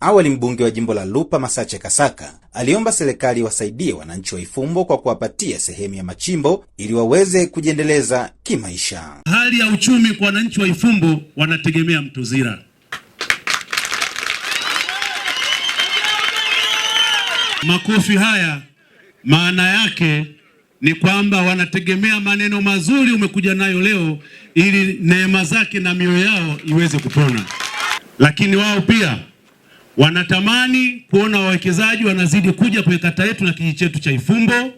Awali mbunge wa jimbo la Lupa Masache Kasaka aliomba serikali wasaidie wananchi wa Ifumbo kwa kuwapatia sehemu ya machimbo ili waweze kujiendeleza kimaisha. Hali ya uchumi kwa wananchi wa Ifumbo wanategemea Mtuzira. Makofi haya maana yake ni kwamba wanategemea maneno mazuri umekuja nayo leo, ili neema zake na mioyo yao iweze kupona, lakini wao pia wanatamani kuona wawekezaji wanazidi kuja kwenye kata yetu na kijiji chetu cha Ifumbo,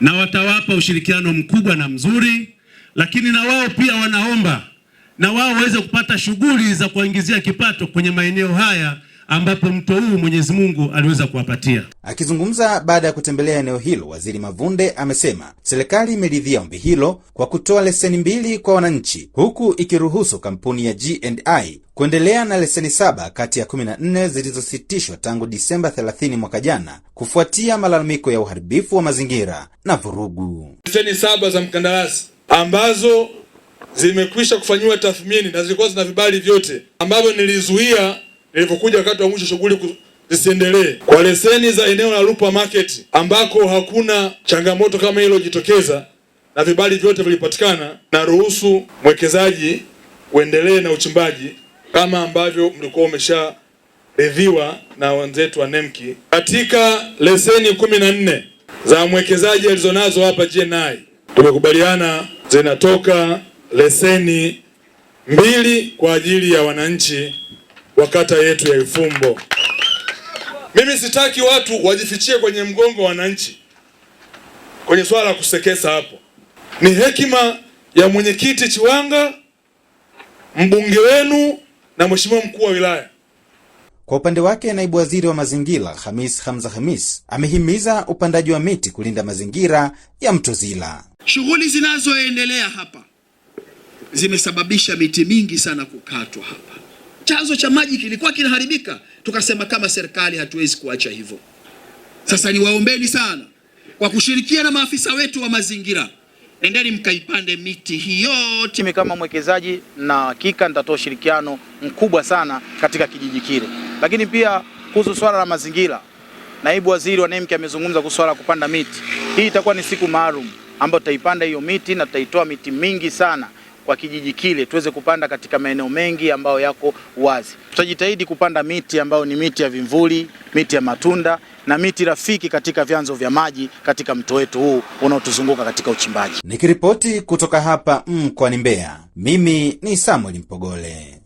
na watawapa ushirikiano mkubwa na mzuri, lakini na wao pia wanaomba na wao waweze kupata shughuli za kuwaingizia kipato kwenye maeneo haya ambapo mto huu Mwenyezi Mungu aliweza kuwapatia. Akizungumza baada ya kutembelea eneo hilo, Waziri Mavunde amesema serikali imeridhia ombi hilo kwa kutoa leseni mbili kwa wananchi, huku ikiruhusu kampuni ya G&I kuendelea na leseni saba kati ya 14 zilizositishwa tangu Disemba 30 mwaka jana kufuatia malalamiko ya uharibifu wa mazingira na vurugu. Leseni saba za mkandarasi ambazo zimekwisha kufanyiwa tathmini na zilikuwa zina vibali vyote ambavyo nilizuia ilivyokuja wakati wa mwisho shughuli zisiendelee kwa leseni za eneo la Lupa Market ambako hakuna changamoto kama hilo jitokeza na vibali vyote vilipatikana, na ruhusu mwekezaji uendelee na uchimbaji kama ambavyo mlikuwa umesharidhiwa na wenzetu wa Nemki katika leseni kumi na nne za mwekezaji alizonazo hapa GNI tumekubaliana zinatoka leseni mbili kwa ajili ya wananchi wa kata yetu ya Ifumbo. Mimi sitaki watu wajifichie kwenye mgongo wa wananchi kwenye swala la kusekesa. Hapo ni hekima ya mwenyekiti Chiwanga, mbunge wenu na mheshimiwa mkuu wa wilaya. Kwa upande wake naibu waziri wa mazingira Hamis Hamza Hamis amehimiza upandaji wa miti kulinda mazingira ya mto Zila. Shughuli zinazoendelea hapa zimesababisha miti mingi sana kukatwa hapa chanzo cha maji kilikuwa kinaharibika. Tukasema kama serikali hatuwezi kuacha hivyo. Sasa niwaombeni sana kwa kushirikiana na maafisa wetu wa mazingira, endeni mkaipande miti hii yote. Mimi kama mwekezaji na hakika nitatoa ushirikiano mkubwa sana katika kijiji kile, lakini pia kuhusu swala la mazingira, naibu waziri wa NEMC amezungumza kuhusu swala la kupanda miti. Hii itakuwa ni siku maalum ambayo tutaipanda hiyo miti na tutaitoa miti mingi sana wa kijiji kile tuweze kupanda katika maeneo mengi ambayo yako wazi. Tutajitahidi kupanda miti ambayo ni miti ya vimvuli, miti ya matunda na miti rafiki katika vyanzo vya maji katika mto wetu huu unaotuzunguka katika uchimbaji. Nikiripoti kutoka hapa mkoani Mbeya, mimi ni Samuel Mpogole.